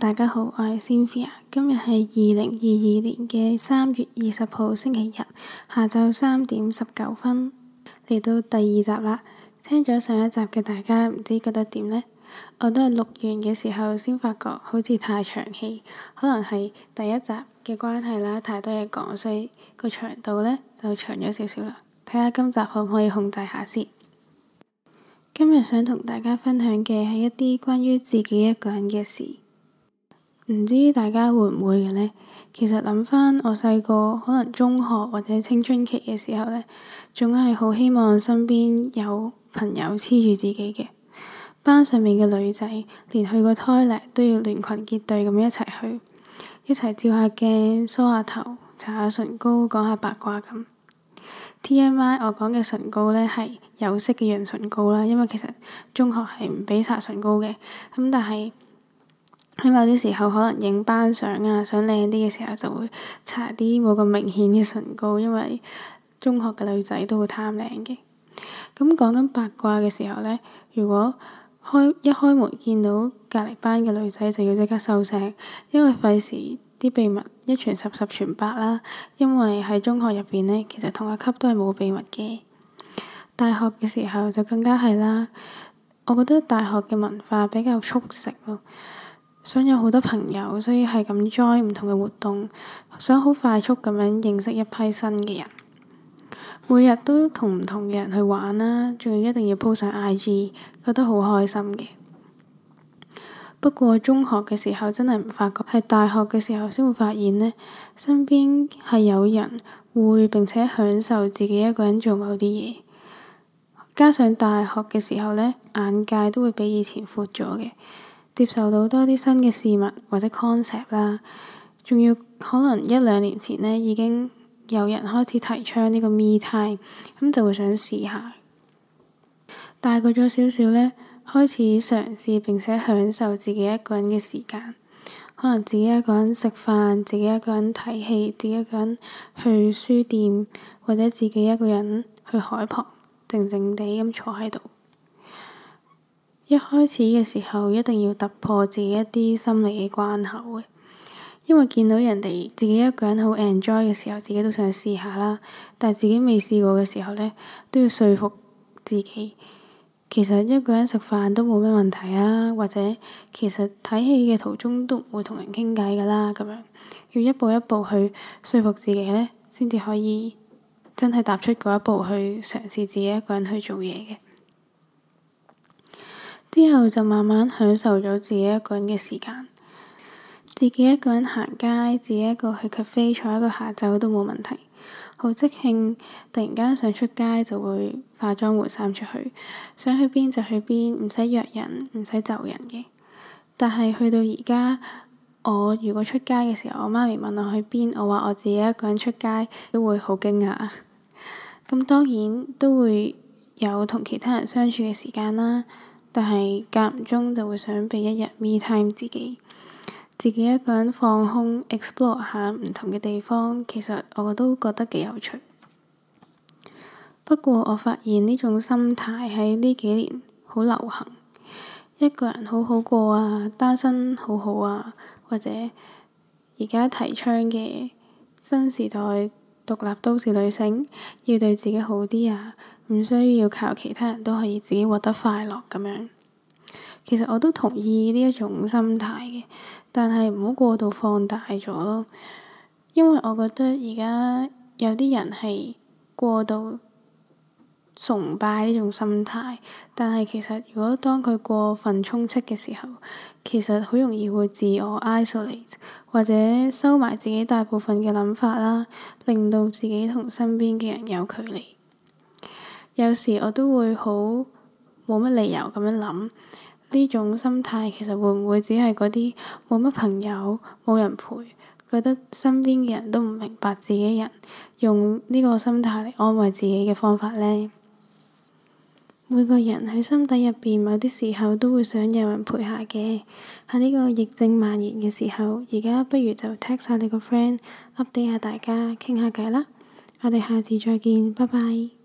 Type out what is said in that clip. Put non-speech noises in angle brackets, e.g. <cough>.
大家好，我係 Cynthia，今日係二零二二年嘅三月二十號星期日下晝三點十九分嚟到第二集啦。聽咗上一集嘅大家唔知覺得點呢？我都係錄完嘅時候先發覺好似太長氣，可能係第一集嘅關係啦，太多嘢講，所以個長度呢就長咗少少啦。睇下今集可唔可以控制下先。今日想同大家分享嘅係一啲關於自己一個人嘅事。唔知大家會唔會嘅咧？其實諗翻我細個，可能中學或者青春期嘅時候咧，仲係好希望身邊有朋友黐住自己嘅。班上面嘅女仔連去個 toilet 咧都要聯群結隊咁一齊去，一齊照下鏡、梳下頭、搽下唇膏、講下八卦咁。TMI 我講嘅唇膏咧係有色嘅潤唇膏啦，因為其實中學係唔俾搽唇膏嘅，咁但係。喺某啲時候，可能影班相啊，想靚啲嘅時候，就會搽啲冇咁明顯嘅唇膏，因為中學嘅女仔都會貪靚嘅。咁講緊八卦嘅時候呢，如果開一開門見到隔籬班嘅女仔，就要即刻收聲，因為費事啲秘密一傳十十傳百啦。因為喺中學入邊呢，其實同一級都係冇秘密嘅。大學嘅時候就更加係啦。我覺得大學嘅文化比較速食咯。想有好多朋友，所以係咁 join 唔同嘅活動，想好快速咁樣認識一批新嘅人。每日都同唔同嘅人去玩啦，仲要一定要 po 上 I G，覺得好開心嘅。不過中學嘅時候真係唔發覺，係大學嘅時候先會發現呢，身邊係有人會並且享受自己一個人做某啲嘢。加上大學嘅時候呢，眼界都會比以前闊咗嘅。接受到多啲新嘅事物或者 concept 啦，仲要可能一兩年前呢已經有人開始提倡呢個 me time，咁就會想試下。大個咗少少呢，開始嘗試並且享受自己一個人嘅時間，可能自己一個人食飯，自己一個人睇戲，自己一個人去書店，或者自己一個人去海旁靜靜地咁坐喺度。一開始嘅時候，一定要突破自己一啲心理嘅關口嘅，因為見到人哋自己一個人好 enjoy 嘅時候，自己都想試下啦。但係自己未試過嘅時候呢，都要說服自己，其實一個人食飯都冇咩問題啊，或者其實睇戲嘅途中都唔會同人傾偈㗎啦。咁樣，要一步一步去說服自己呢，先至可以真係踏出嗰一步去嘗試自己一個人去做嘢嘅。之後就慢慢享受咗自己一個人嘅時間，自己一個人行街，自己一個去 cafe 坐一個下晝都冇問題。好即興，突然間想出街就會化妝換衫出去，想去邊就去邊，唔使約人，唔使就人嘅。但係去到而家，我如果出街嘅時候，我媽咪問我去邊，我話我自己一個人出街，都會好驚訝。咁 <laughs> 當然都會有同其他人相處嘅時間啦。但係間唔中就會想俾一日 me time 自己，自己一個人放空，explore 下唔同嘅地方。其實我都覺得幾有趣。不過我發現呢種心態喺呢幾年好流行，一個人好好過啊，單身好好啊，或者而家提倡嘅新時代獨立都市女性，要對自己好啲啊！唔需要靠其他人都可以自己獲得快樂，咁樣。其實我都同意呢一種心態嘅，但係唔好過度放大咗咯。因為我覺得而家有啲人係過度崇拜呢種心態，但係其實如果當佢過分充斥嘅時候，其實好容易會自我 isolate，或者收埋自己大部分嘅諗法啦，令到自己同身邊嘅人有距離。有時我都會好冇乜理由咁樣諗，呢種心態其實會唔會只係嗰啲冇乜朋友、冇人陪，覺得身邊嘅人都唔明白自己人，用呢個心態嚟安慰自己嘅方法呢？每個人喺心底入面，某啲時候都會想有人陪下嘅。喺呢個疫症蔓延嘅時候，而家不如就 text 晒你個 friend，update 下大家，傾下偈啦。我哋下次再見，拜拜。